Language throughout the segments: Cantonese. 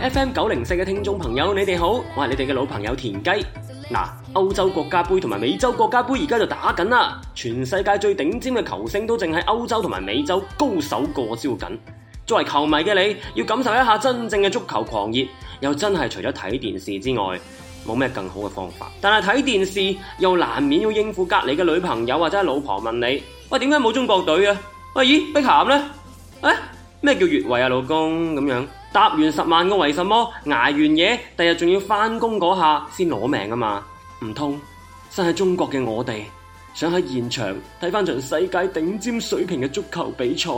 F.M. 九零四嘅聽眾朋友，你哋好，我係你哋嘅老朋友田雞。嗱，歐洲國家盃同埋美洲國家盃而家就打緊啦，全世界最頂尖嘅球星都淨係歐洲同埋美洲高手過招緊。作為球迷嘅你，要感受一下真正嘅足球狂熱，又真係除咗睇電視之外，冇咩更好嘅方法。但係睇電視又難免要應付隔籬嘅女朋友或者係老婆問你：喂，點解冇中國隊啊？喂，咦，碧咸呢？咩叫越位啊，老公？咁樣。答完十萬個為什麼，捱完嘢，第日仲要返工嗰下先攞命啊嘛！唔通身喺中國嘅我哋想喺現場睇返場世界頂尖水平嘅足球比賽，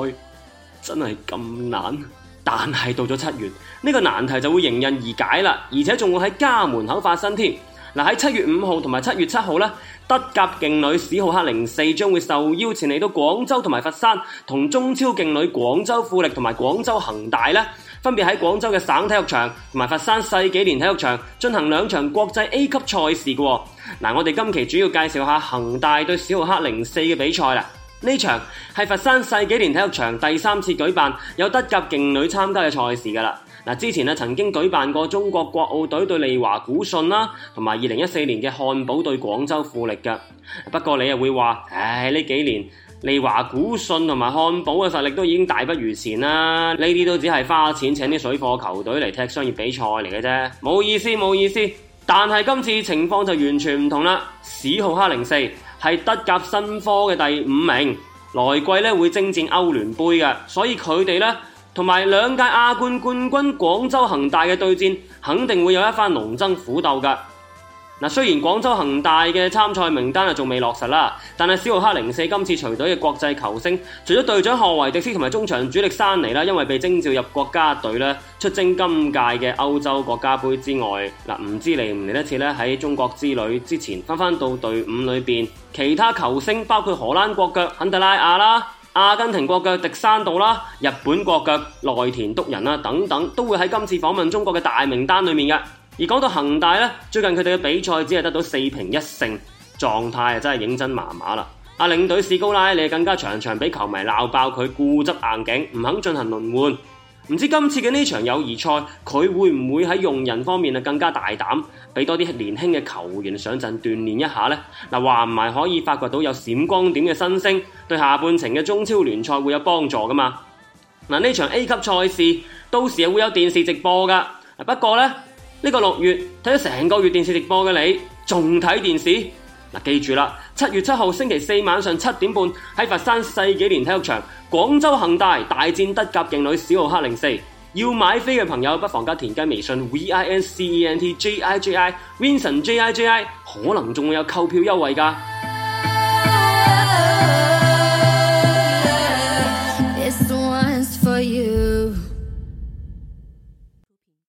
真係咁難？但係到咗七月，呢、呢個難題就會迎刃而解啦，而且仲會喺家門口發生添。嗱，喺七月五號同埋七月七號呢，德甲勁旅史浩克零四將會受邀前嚟到廣州同埋佛山，同中超勁旅廣州富力同埋廣州恒大呢。分別喺廣州嘅省體育場同埋佛山世紀蓮體育場進行兩場國際 A 級賽事嘅。嗱，我哋今期主要介紹下恒大對小黑零四嘅比賽啦。呢場係佛山世紀蓮體育場第三次舉辦有德甲勁旅參加嘅賽事噶啦。嗱，之前啊曾經舉辦過中國國奧隊對利華古遜啦，同埋二零一四年嘅漢堡對廣州富力嘅。不過你又會話，唉呢幾年？利華、古信同埋漢堡嘅實力都已經大不如前啦，呢啲都只係花錢請啲水貨球隊嚟踢商業比賽嚟嘅啫，冇意思冇意思。但係今次情況就完全唔同啦，史浩克零四係德甲新科嘅第五名，來季呢會征戰歐聯杯㗎。所以佢哋呢，同埋兩屆亞冠冠軍廣州恒大嘅對戰，肯定會有一番龍爭虎鬥㗎。嗱，雖然廣州恒大嘅參賽名單啊，仲未落實啦，但係小奧克零四今次隨隊嘅國際球星，除咗隊長賀維迪斯同埋中場主力山尼啦，因為被徵召入國家隊咧出征今屆嘅歐洲國家杯之外，嗱唔知嚟唔嚟得切咧喺中國之旅之前翻翻到隊伍裏面。其他球星包括荷蘭國腳肯特拉亞啦、阿根廷國腳迪山度啦、日本國腳內田篤人啦等等，都會喺今次訪問中國嘅大名單裏面嘅。而講到恒大呢，最近佢哋嘅比賽只係得到四平一勝，狀態真係認真麻麻啦。阿領隊史高拉利更加場場俾球迷鬧爆佢，佢固執硬頸，唔肯進行輪換。唔知今次嘅呢場友誼賽佢會唔會喺用人方面啊更加大膽，俾多啲年輕嘅球員上陣鍛鍊一下呢？嗱，話唔埋可以發掘到有閃光點嘅新星，對下半程嘅中超聯賽會有幫助噶嘛？嗱，呢場 A 級賽事到時會有電視直播噶，不過呢。呢、這個六月睇咗成個月電視直播嘅你，仲睇電視？嗱，記住啦，七月七號星期四晚上七點半喺佛山世紀蓮體育場，廣州恒大大戰德甲勁旅小奧克零四。要買飛嘅朋友不妨加田雞微信 V I N C E N T J I J I，Vincent J I J I，可能仲會有購票優惠㗎。